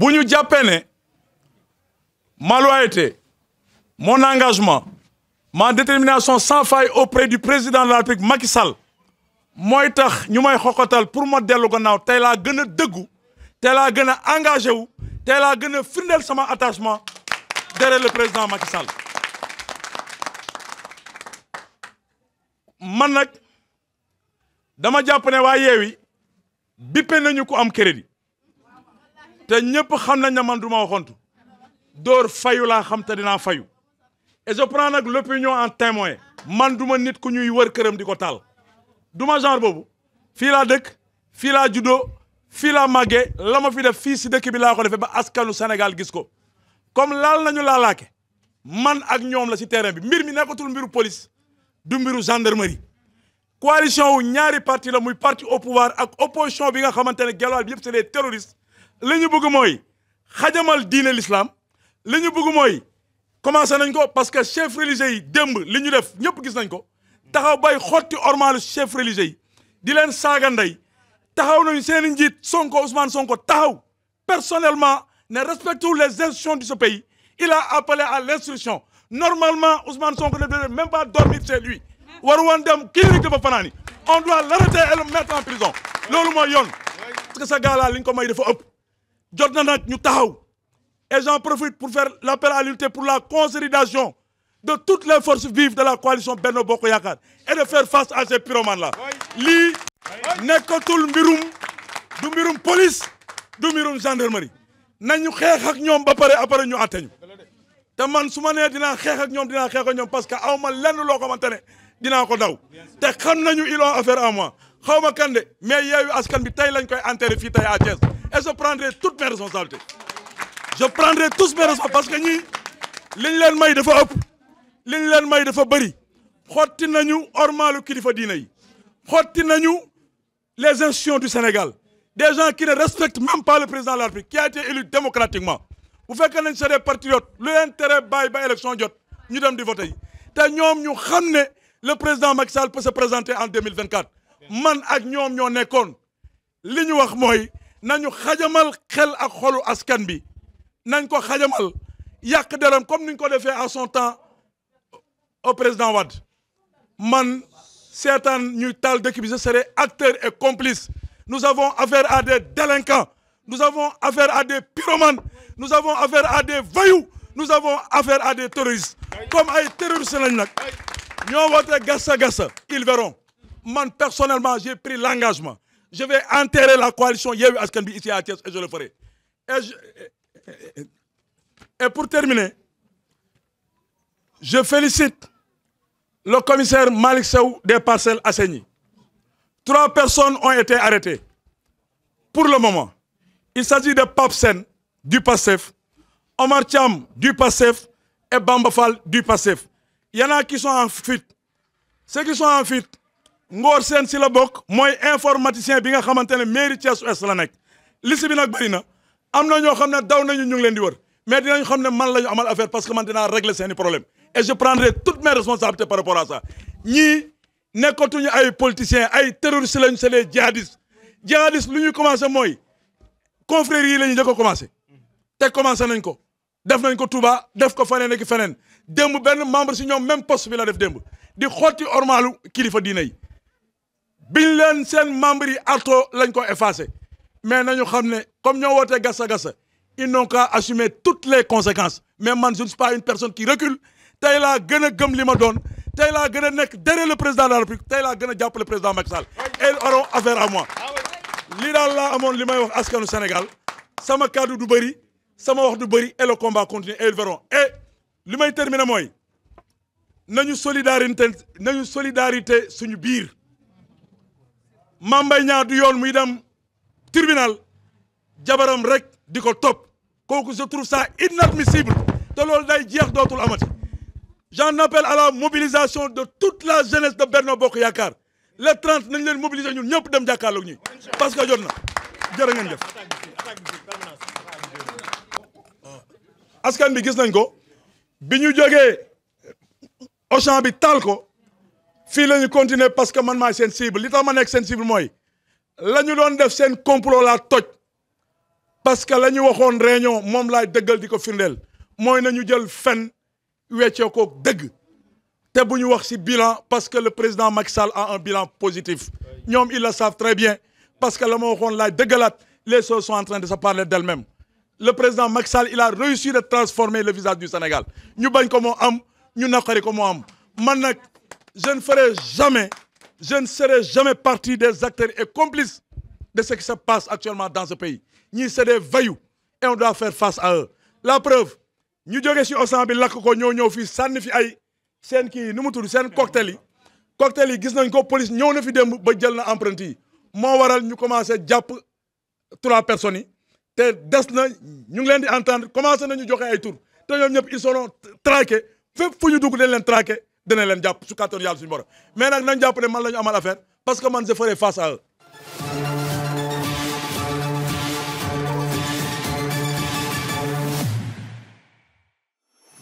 bu ñu jàppee ne ma loyauté mon engagement ma détermination sans faille auprès du président de la République Macky Sall mooy tax ñu may xoqatal pour ma dellu gannaaw tey laa gën a dëggu tey laa gën a engagé wu tey laa gën a firndeel sama attachement derrière le président Macky Sall man nag dama jàpp ne waa Yewwi bippe nañu ko am crédit te ñëpp xam nañ ne man du ma waxantu dóor fayu laa xam te dinaa fayu et je prends nag l'opinion en témoin man du ma nit ku ñuy wër këram di ko taal du ma genre boobu fii laa dëkk fii laa juddoo fii laa màggee la ma fi def fii si dëkk bi laa ko defee ba askanu Sénégal gis ko comme laal nañu laalaake man ak ñoom la si terrain bi mbir mi nekkatul mbiru police du mbiru gendarmerie coalition wu ñaari parti la muy parti au pouvoir ak opposition bi nga xamante ne gelwaal yëpp c'est les terroristes li ñu bëgg mooy xajamal diine l'islam li ñu bëgg mooy commencé nañ ko parce que chef religieux yi démb li ñu def ñëpp gis nañ ko taxaw bay xotti ormalu chef religieux yi di leen saaga ndey taxaw nañ seen i njiit Sonko Ousmane Sonko taxaw personnellement ne respecte les institutions de ce pays il a appelé à l'instruction normalement Ousmane Sonko ne devait même pas dormir chez lui waru woon dem clinique ba fanaani on doit l'arrêter et le mettre en prison loolu mooy yoon parce que sa gars là ko may dafa ëpp jot na nag ñu taxaw et j'en profit pour faire l'appel à l'unité pour la consolidation de toutes les forces vives de la coalition Benno Bokk Yaakaar et de faire face à ces pyromanes là nekk nekkatul mbirum du mbirum police du mbirum gendarmerie nañu xeex ak ñoom ba pare après ñu àtte ñu te man su ma nee dinaa xeex ak ñoom dinaa xeex ak parce que aw ma lenn loo xamante ne dinaa ko daw te xam nañu ils ont affaire à moi xaw ma kan de mais yeeyu askan bi tey lañ koy enterré fii tey à Thiès et je prendrai toutes mes responsabilités je prendrai tous mes responsabilités parce que ñii li ñu leen may dafa ëpp li ñu leen may dafa bëri xotti nañu ormaalu kilifa diine yi xotti nañu les institutions du Sénégal des gens qui ne respectent même pas le président de la République qui a été élu démocratiquement bu fekkee nañ c'est des patriotes lu leen tere bàyyi ba élection jot ñu dem di voté yi te ñoom ñu xam ne le président Macky Sall peut se présenter en 2024 man ak ñoom ñoo nekkoon li ñu wax mooy nañu xajamal xel ak xolu askan bi nañ ko xajamal yàq deram comme niñ ko defee à son temps au président Wade man seetaan ñuy tal dëkk bi acteur et complice nu avons affaire à des délinquants nous avons affaire à des pyromanes nous avons affaire à des voyous nous avons affaire à des terroristes comme ay terroristes lañ nag ñoo woote gassa gassa ils verront man personnellement j'ai pris l'engagement je vais enterrer la coalition Yewwi Askan Wi ici à Thiès et je le ferai et je et pour terminer je félicite le commissaire Malick Sow des Parcelles Assainies trois personnes ont été arrêtées pour le moment il s'agit de Pape du PASTEF Omar du PASTEF et Bamba Fall du PASTEF il qui sont en fuite ceux qui sont en fuite Ngor seen si la bokk mooy informaticien bi nga xamante ne mairie Thiès Ouest la nekk liste bi nag bëri na am na ñoo xam ne daw nañu ñu ngi leen di wër mais dinañ xam ne man la ñu amal affaire parce que man dinaa régler seeni problème et je prendrai toutes mes responsabilités par rapport à ça ñii nekkatuñu ay politiciens ay terroristes lañu c'est les djihadistes djihadistes lu ñu commencé mooy confréries yi la ñu njëkk a commencé te commencé nañ ko def nañ ko Touba def ko feneen ak feneen démb benn membre si ñoom même poste bi la def démb di xotti ormaalu kilifa diina yi biñ leen seen membres yi arto lañ ko effacé mais nañu xam ne comme ñoo wootee gassa gasa ils n'ont qu'à assumer toutes les conséquences mais man je ne suis pas une personne qui recule tey laa gën a gëm li ma doon tey laa gën a nekk derrière le président de la République tey laa gën a jàppale président Macky Sall ils auront affaire à moi lii daal laa amoon li may wax askanu Sénégal sama kaddu du bëri sama wax du bëri et le combat continue et ils verront et li may terminer mooy nañu solidarité nañu solidarité suñu biir Mame Mbaye Niang yoon muy dem tribunal jabaram rek di ko topp kooku je trouve ça inadmissible te loolu day jeex dootul amati j'en nappel à la mobilisation de toute la jeunesse de Benno Bokk Yaakaar le 30 nañ leen mobiliser ñun ñëpp dem jàkkaarloog ñi parce que jot na jërë ngeen jëf askan bi gis nañ ko bi ñu jógee Auchan bi taal ko fii la ñu continuer parce que man maay seen cible li tax ma nekk seen cible mooy la ñu doon def seen complot la toj parce que la ñu waxoon réunion moom laay dëggal di ko firndeel mooy ñu jël fen weccee ko dëgg te bu ñu wax si bilan parce que le président Macky Sall a un bilan positif ñoom ils le savent très bien parce que la ma waxoon laay dëggalaat les choses sont en train de se parler d'elles-mêmes le président Macky Sall il a réussi de transformer le visage du Sénégal ñu bañ ko moo am ñu naqari ko moo am man nag je ne ferai jamais, je ne serai jamais partie des acteurs et complices de ce qui se passe actuellement dans ce pays. ñii c'est des voyous et on doit faire face à eux. la preuve ñu jógee si Auchan bi lakk ko ñoo ñëw fii sànni fi ay seen kii nu mu tudd seen cocktail yi. cocktail yi gis nañ ko police ñëw na fi démb ba jël na empreinte yi moo waral ñu commencé jàpp trois personnes yi te des na ñu ngi leen di entendre commencé nañu joxe ay tur te ñoom ñëpp ils seront traqués fépp ñu dugg dañ leen traqué. dana leen jàpp su kàttan yàlla suñu borom mais nag nañ jàpp ne man la ñu amal affaire parce que man je ferai face à